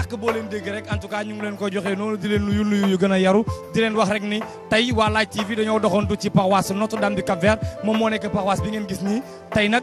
làkk boo leen dégg rek en tout cas ñu ngi leen ko joxee noonu di leen nuyu nuyu yu a yaru di leen wax rek ni tey waa Laye TV dañoo doxantu ci paroisse Notre-Dame du Cap-Vert moom moo nekk paroisse bi ngeen gis nii tey nag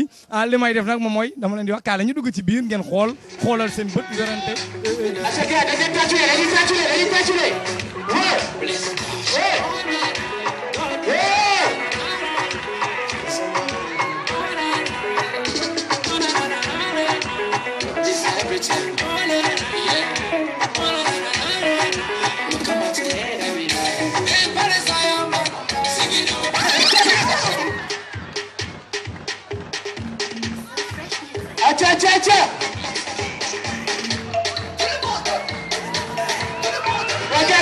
yi ah li may def nag moom mooy dama leen di wax kaa la ñu dugg ci biir ngeen xool xoolal seen bët yorante. dañuy tàcculee dañuy tàcculee dañuy tàcculee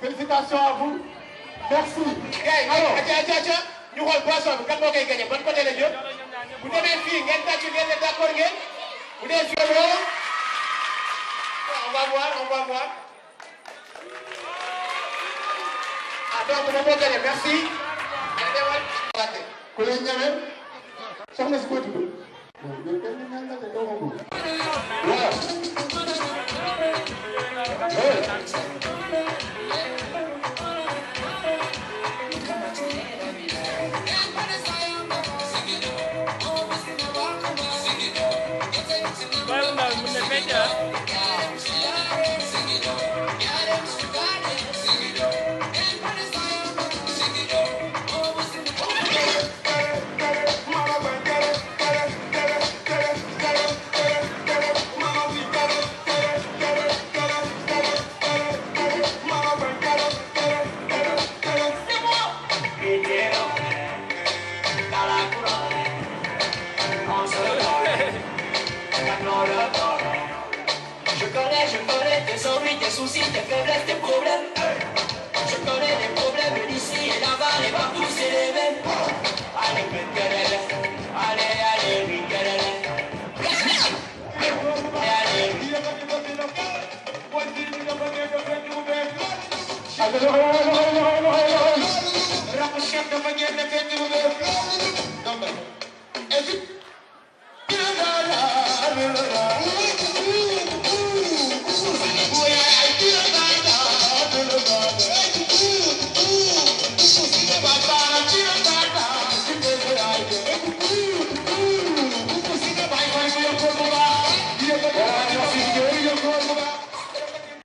félicitations à vous merci. alors gars yi ñu xool boisson bi kan moo koy gagné ban côté la jëm bu demee fii ngeen tàcc ngeen ne d'accord ngeen bu dee fii voir, on va voir. ah donc moom moo gagné merci. ku leen ñeme soxna si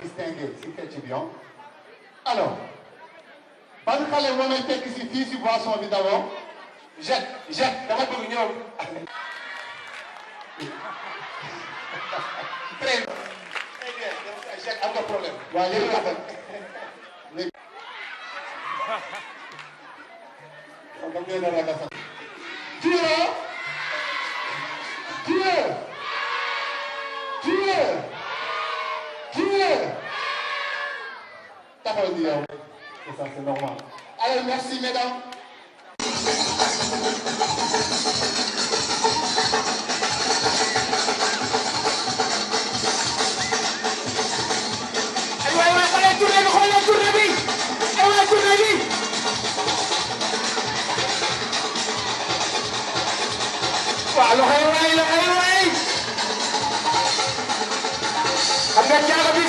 distingué si kecc bi alors ban xale moo may tekk si fii si boisson bi d'abord jet jet dama bëgg ñëw très bien jet am nga problème waaw yéen la léegi kon dam leen a ragal sax xol bi yow et ça c'est normal alors merci mesdames. Loxo yi waay loxo yi waay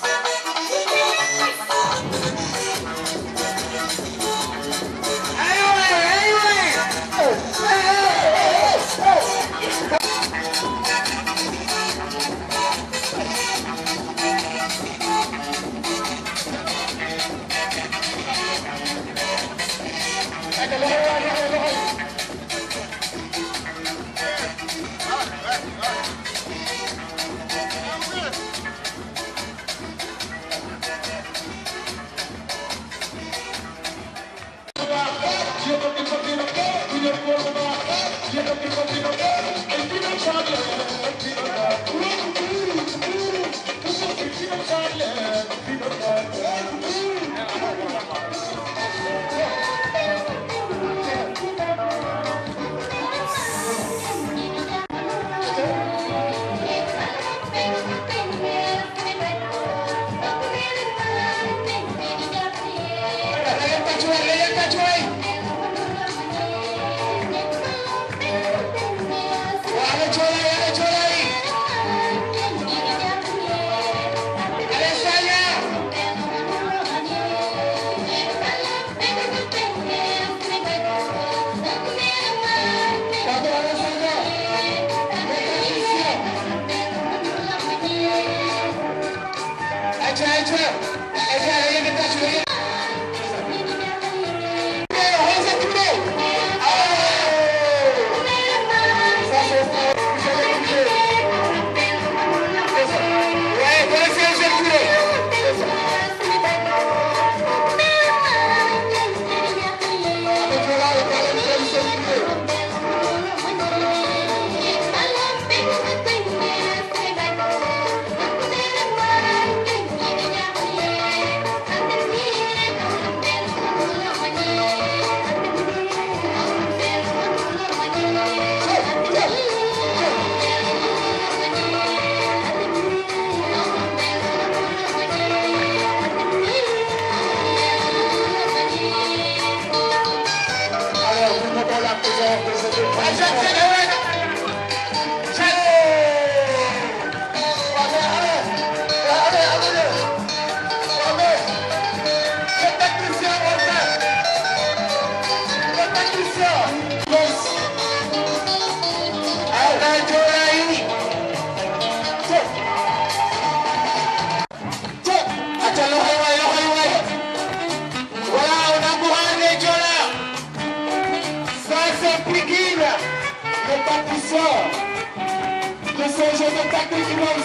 station de Dakar Ibrahima.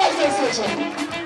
ay station.